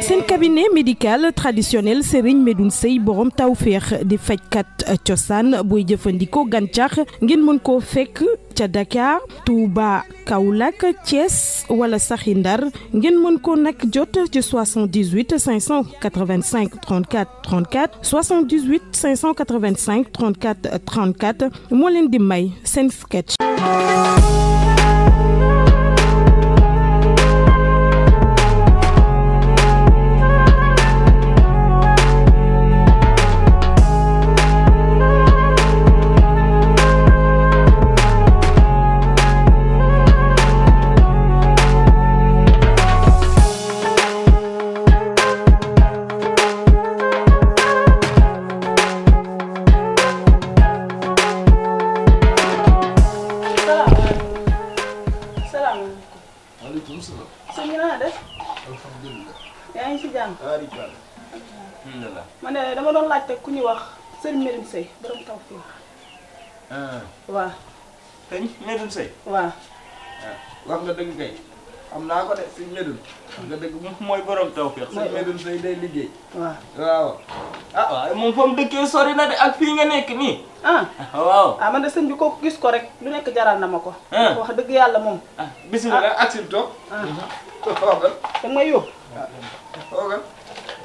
seen cabinet médical traditionnel Serigne medun Sey borom tawféex di fajkat euh, cosaan booy jëfandikoo gàncax ngeen mën koo fekk ca Dakar Touba Kaolack Thiès wala saxi Ndar ngeen mën ko nag jot ci 78 585 34 34 78 585 34 34 moo leen di may seen sketch. ñuy wax sëriñ Medoune Seye borom taw fii. Ah. waaw. Ah. nga dëgg kay xam naa ko de sëñ Medoune. wax nga dëgg mooy borom taw fii. sëñ Medoune Seye day liggéey. waaw waaw. ah moom fa mu dëkkee sori na de ak fii nga nekk nii. ah waaw. ah man de sëñ bi ko gis ko rek lu nekk jaral na ma ko. Ah. wax dëgg yàlla moom. ah bisimilah ak si toog. toogal. da yóbbu.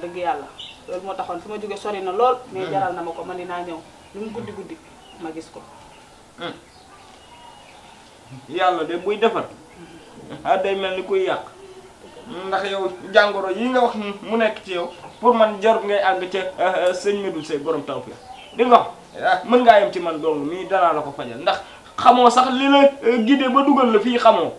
dëgg yàlla loolu moo taxoon fi ma jógee sori na lool. mais hmm. jaral na ma ko man naa ñëw lu mu guddi guddi ma gis ko. Hmm. yàlla de buy defar hmm. ah day mel ni kuy yàq ndax yow jàngoro yi nga wax mu nekk ci yow pour man jarut ngay àgg ca ah, ah, sëñ Médou Seye borom taw fi di nga wax ah. mën ngaa yem ci man dong mii danaa la ko fajal ndax xamoo sax li la eh, guidé ba dugal la fii xamoo.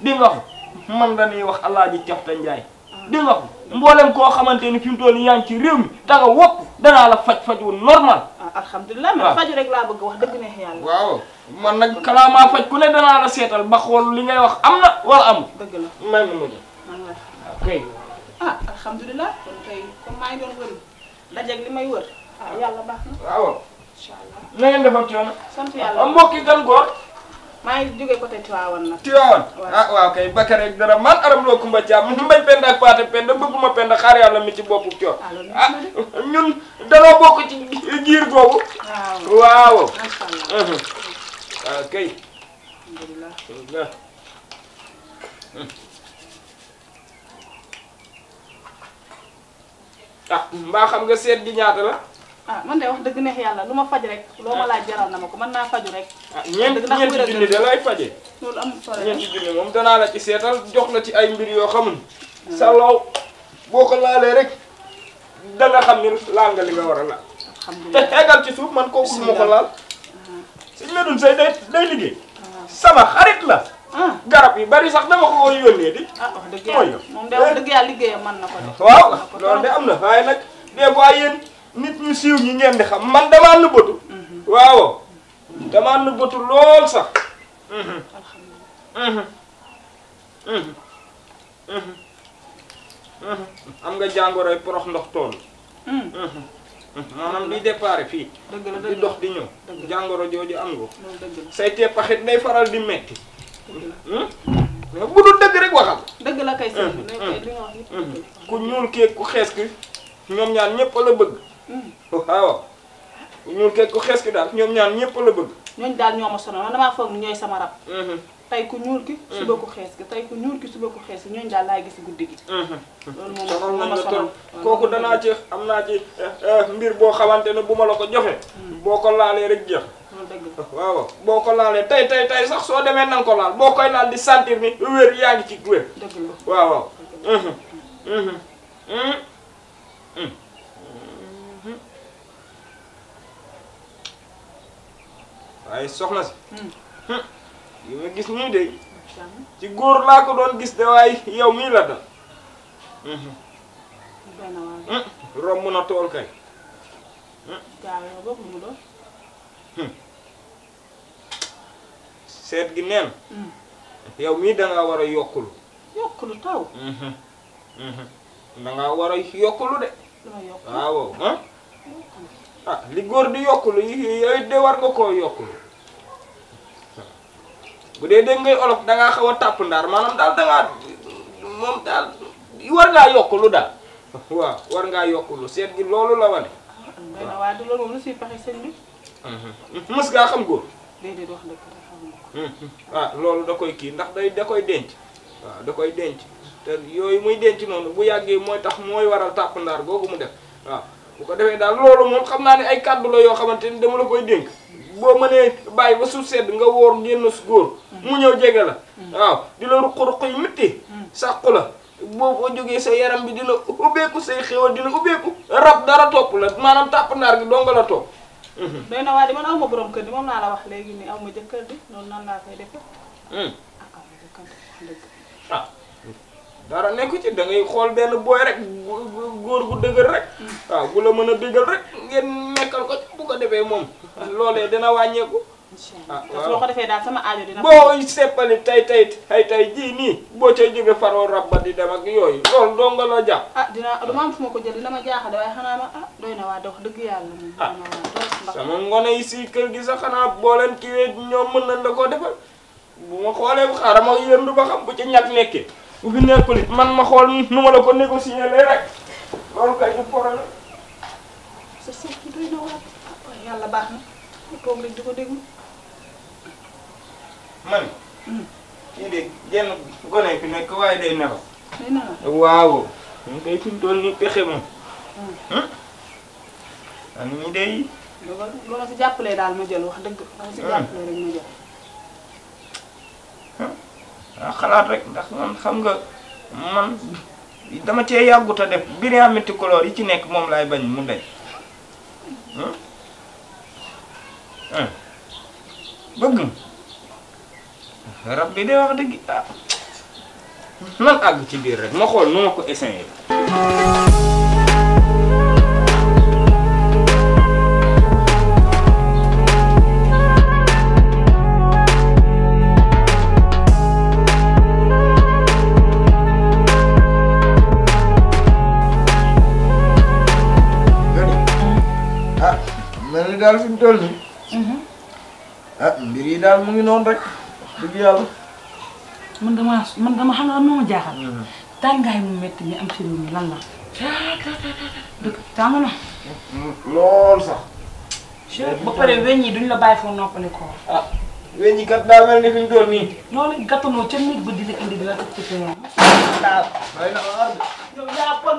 di nga wax man dañuy wax alaaji Cafta Njaay dégg nga ko mboolem koo xamante ni fi mu toll yaa ngi ci réew mi danga wopp danaa la faj faj wu normal. ah alhamdulilah man faju rek laa bëgg wax dëgg neex yàlla. waaw man nag kalaamaa faj ku ne danaa la seetal ba xool li ngay wax am na wala am dëgg la maa ngi mujj. waaw kay. ah alhamdulilah kon kay doon wër dajeeg li may wër. ah yàlla baax na. waaw. incha allah na ngeen defar coono. sant yàlla mbokk yi main juga jógee côté Tivaouane nag. Tivaouane ah waaw kay Bakary ak dara man aram loo kumba jaam pendek mbay penda ak paate penda bëgguma penda xaar yàlla mi ci ah ñun danoo bokk ci giir googu. waaw waaw. Ah, ah mbaa xam nga seet ah man wax dëgg neex yàlla lu ma faj rek. loo ma jaral faju rek ñeenti ñeenti junni da lay faje loolu am solo ñeenti junni moom danaa la ci seetal jox la ci ay mbir yoo xamul ah. sa law boo ko laalee rek sama xarit la ah. garab yi bari sax dama ko woon yónnee di ah, mooy moom de wax dëgg yàlla liggéeyam mën na ko def waaw loolu de am na waaye nit ñu siiw ñi ngeen xam man damaa nëbbatu mhm. waaw damaa nëbbatu lool sax. am nga jàngoroy porox ndox tool. Hmm. maanaam luy déparé fii. di dox di ñëw. jàngoro jooju am nga. say teppaxit day faral di metti. Hmm? bu dul dëgg rek waxal. dëgg la kay sëñ hmm. ku ñuul kee ku xees ki ñoom ñaar ñëpp la bëgg. Oh, waaw. ñuul ke ku xees ki daal ñoom ñaan ñëpp la bëgg. ñooñu daal ñoo ma sonal man damaa foog ni ñooy sama rab. Mhm. tey ku ñuul ki. Mhm. suba ko xees ki tey ku ñuul ki suba ko xees ki ñooñu daal laay gis guddi gi. Mhm. loolu moom moo ma sonal kooku danaa ci am naa ci eh, eh, mbir boo xamante ne bu ma la ko joxe. boo ko laalee rek jeex. waaw boo ko laalee tey tey tey sax soo demee na ko laal boo koy laal di sentir ni wér yaa ngi ci wér. dëgg la waaw waaw. ay soxla ci hmm ma gis nii de ci góor la ko doon gis de way yow mi la dal romb na tol kay set gi neen hmm. yow ya, mi da nga wara yokul yokul taw mhm. mhm. danga war wara yokul de waaw ah li góor di yokkulu iya, iya, iya, yooyu de war nga koo yokkulu bu dee dégg ngay olof da ngaa xaw a tàpp ndaar maanaam daal da moom daal war ngaa yokk lu daal waaw war ngaa yokk seet gi loolu la wane. waaw waaw du loolu moom lu siy pexe sëñ mm-hmm. xam góor. déedéet wax mm-hmm. ah, loolu da koy kii ndax day da koy denc waaw ah, da koy denc te yooyu muy denc noonu bu yàggee mooy tax mooy waral tàpp ndaar googu mu def waaw ah, bu ko defee daal loolu moom xam naa ne ay kàddu la yoo xamante ni dama la koy dénk. bo mané bay ba suuf sedd nga wor génn su góor mm. mu ñew jégué la mm. waaw di la ruq-ruq yi metti mm. saxu la bo bo joggé sa yaram bi dina ko say xéwal dina ko rap dara top la manam tap nar gi donga la topp mm-hmm. doy di man aw borom keur di mom na la wax légui ni aw ma di non nan la fay def ak di dara neku ci da ngay xol ben boy rek góor gu deugal rek wa gu la meuna deugal rek ngeen nekkal ko bu ko defee moom loolee dina wàññeeku. ah waaw ko defee daal sama aajo dina. boo seppali tay tay tay tay jii nii boo ca jóge faroo rabba di dem ak yooyu loolu doo nga la jàpp. ah dinaa dama am fu ma ko jël dama jaaxle waaye xanaa ma ah doy na waa dox dëgg yàlla moom. ah sama ngone yi si kër gi sax xanaa boo leen kiiwee ñoom mën nañ la koo defal bu ma xoolee xaaral ma yëndu ba xam bu ci ñàkk nekkee bu fi nekkul man ma xool nu ma la ko négocier rek loolu kay la baax na ñu toog rek di ko déglu. man. Hmm. kii de genn gone fi nekk waaye day nelaw. day nelaw waaw. ñu koy fi mu pexe moom. Hmm. Hmm? am ñu day. loolu loolu si jàppalee daal ma jël wax dëgg. loolu rek ma ah, xalaat rek ndax man xam nga man dama cee yàggut def biir yaa yi ci nekk moom laay bañ mu dey. Eh, bëgg rab bi de wax dëgg ah man àgg ci biir rek ma xool nu ma ko essayé. ah mel ni daal fi mu ah mbir yi daal mu ngi noonu rek dëgg yàlla. man damaa man dama xam nga am na ma jaaxal. Mm-hmm. tàngaay mu métti mi am si réew mi lan la. dëgg tàng na. lool sax. ba pare weñ yi duñ la bàyyi foo noppale ko. ah weñ yi kat daa mel ni fi ñu doon nii. noonu gàttanoo ca néeg ba di la indi di la tëj ci sa yaram. Ah, daal. yow yaa bon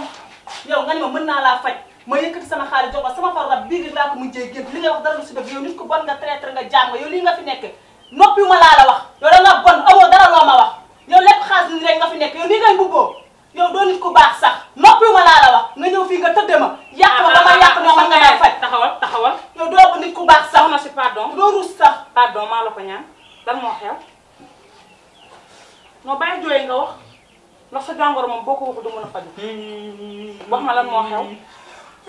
yow nga ne ma mën naa laa faj. ma yëkkati sama xaalis jox sama far rab bii laa ko mujjee gént li ngay wax dara lu si dëgg yow nit ku bon nga traître nga jaam nga yow lii nga fi nekk noppi ma laa la wax yow da bon amoo dara loo wax yow lépp xaalis ni nga fi nekk yow nii ngay mbubboo yow doo nit ku baax sax noppi ma laa la wax nga ñëw fii nga tëdde ma yàq ma dama yàq ma man nga may faj taxawal taxawal yow doo ko nit ku baax sax na si pardon doo rus sax pardon maa la ko ñaan lan moo xew noo bàyyi jooy nga wax ndax sa a faju hmm. ma lan moo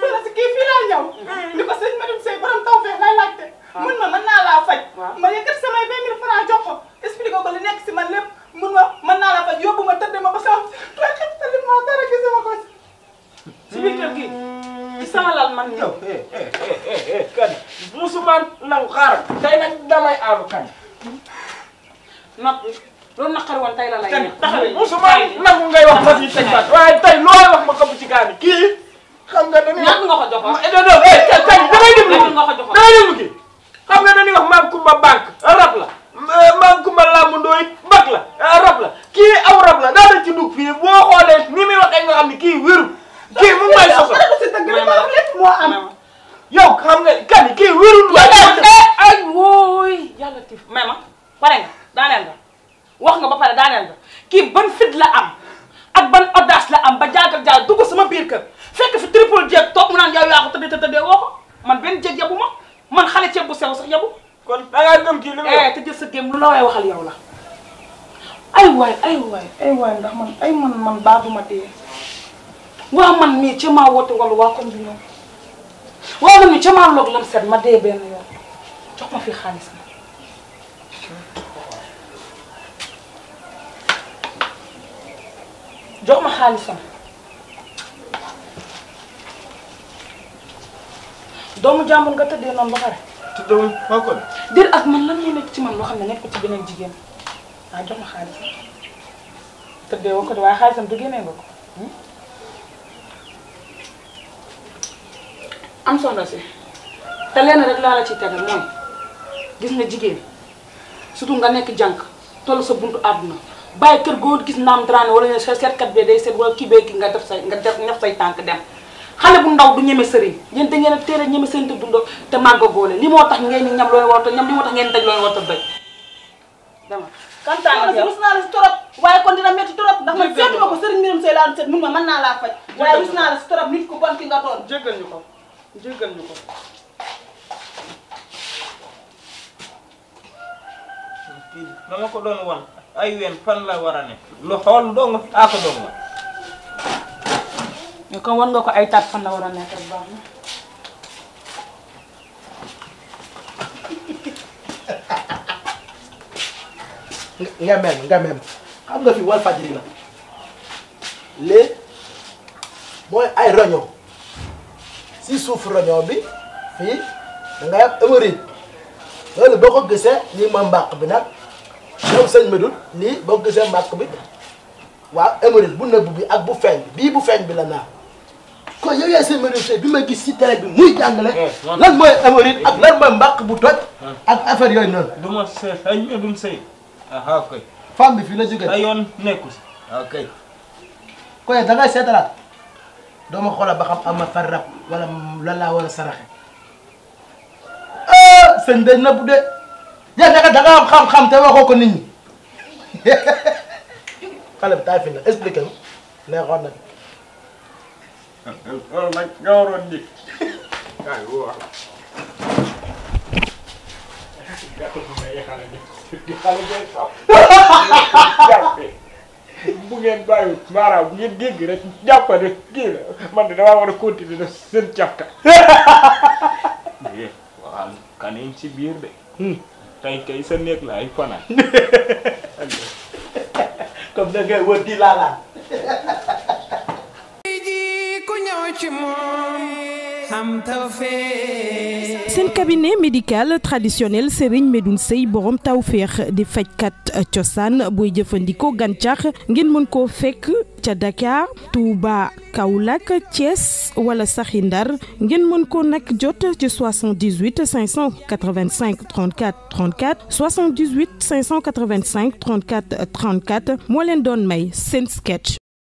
parce que kii fii laa ñëw. ni ko sëñ Madou Seye borom taw feex lay laajte. mun ma mën naa laa faj. ma yëkkat samay vingt mille francs jox ko expliqué ko li nekk si man lépp mun ma man naa laa faj yóbbu ma tëdd ma ba sama ma xet tali ma dara gisuma ko si. si biir kër gi hmm. ci lal man ñëw. Eh, eh, eh, kan musuma nangu xaaral tey nag damay aaru kan. na loolu naqari woon tey la lay. kan taxawee musuma ma si bu ci gaani xam nga dañuy wax nga ko joxoon. Eh, eh, nga ko joxoon dangay déglu kii xam nga dañuy wax maam Kumba banque rab la. Eh, maam Kumba làmb ndooy bag la rab la kii aw rab la daal ci dugg fii boo xoolee ni muy waxee nga xam ne kii wéru kii mu may soso moo am yow xam nga kan kii wérul la ay wooy yàlla tif mais ma pare nga daaneel nga wax nga ba pare daaneel nga kii ban fit la am ak ban audace la am ba jaagal jaal dugg sama biir kër fekk fi triple jeeg toog mu nan yaw ya ko tedd tedd woo ko man ben jeeg yabuma man xale ci bu sew sax yabu. kon da nga gëm ki eh mu te jël sa gem lu la way waxal yaw la. ay way ay way ay way ndax man ay man man baabuma dee wa man mi ci ma woote wala wa comme bi ñoom waa man mi ci ma lok lam set ma de ben yo jox ma fi xaliss ma jox ma doomu jàmbur nga tëdde noonu ba pare. tëddeewul maa ko. déet ak man la moo nekk ci man loo xam ne nekk ci beneen jigéen ah jox ma xaalis tëddee woo ko de waaye xaalisam du génnee nga ko. Hmm? am soxna si te lenn rek laa la ciy tegal mooy gis nga jigéen surtout nga nekk janq toll sa buntu àdduna bàyyi kër goo gis naam dara ne wala ne seetkat bee day seet wala kii bee nga def say nga def ñax say tànk dem. xalé bu ndaw du ñëmé sëriñ yéen da ngeen a teel a ñeme seen te dund te màgg li mo tax ngeen ñam loy wota ñam li mo tax ngeen tej loy wota bay dama kontaan na rus naa la ci torop waye kon dina metti torop ndax man seetu mako sëriñ mirum sey laan sét mu ma man na la faj waye rus naa la si torop nit ku bon ki nga ton jéggal ñu ko jéggal ñu ko dama ko doon won ay wen fan la war a ne lu xool dong ak ah, do nga mais comme war nga ko ay taat fan la war a nekk baax na. nga mel nga xam nga fi wal fajri la léegi mooy ay roño si suuf roño bi fii da ngay loolu boo ko gisee nii mooy mbàq bi nag ñoom sëñ Medoune nii boo gisee mbàq bi waaw hémorroïde bu nëbb bi ak bu feeñ bii bu feeñ bi la naa. kon yow yaay seen manager bi ma gis ci télé bi muy jàngale. Eh, lan mooy amorite ak ah. ak affaire yooyu ma sëy ay du ma sëy. ah bi fii la jógee. ay yoon nekkul si. ok. kon da ngay seetalaat doo ma xoolal ba xam wala lan laa war a saraxe. Ah, yaa ngi da nga am xam te waxoo ko nit ñi xale bi taay fi nga expliqué ma neexoon na. loolu nag nga waroon njëkk kaay bu wax bu ngeen bàyyi maanaam bu ngeen dégg rek jàppale kii la man de damaa war a continuer def seen cafka waaw kanin ci biir de tey sa néeg laay fanaan comme da ngay di laalaan ci moom am cabinet médical traditionnel Serigne Medoun Sey borom tawfeex di kat cosaan booy jeufandiko gàncax ngeen mën ko fekk ca Dakar Touba Kaoulak Thiès wala Sakhindar Ndar ngeen mën ko nak jot ci 78 585 34 34 78 585 34 34 mo len don may sen sketch.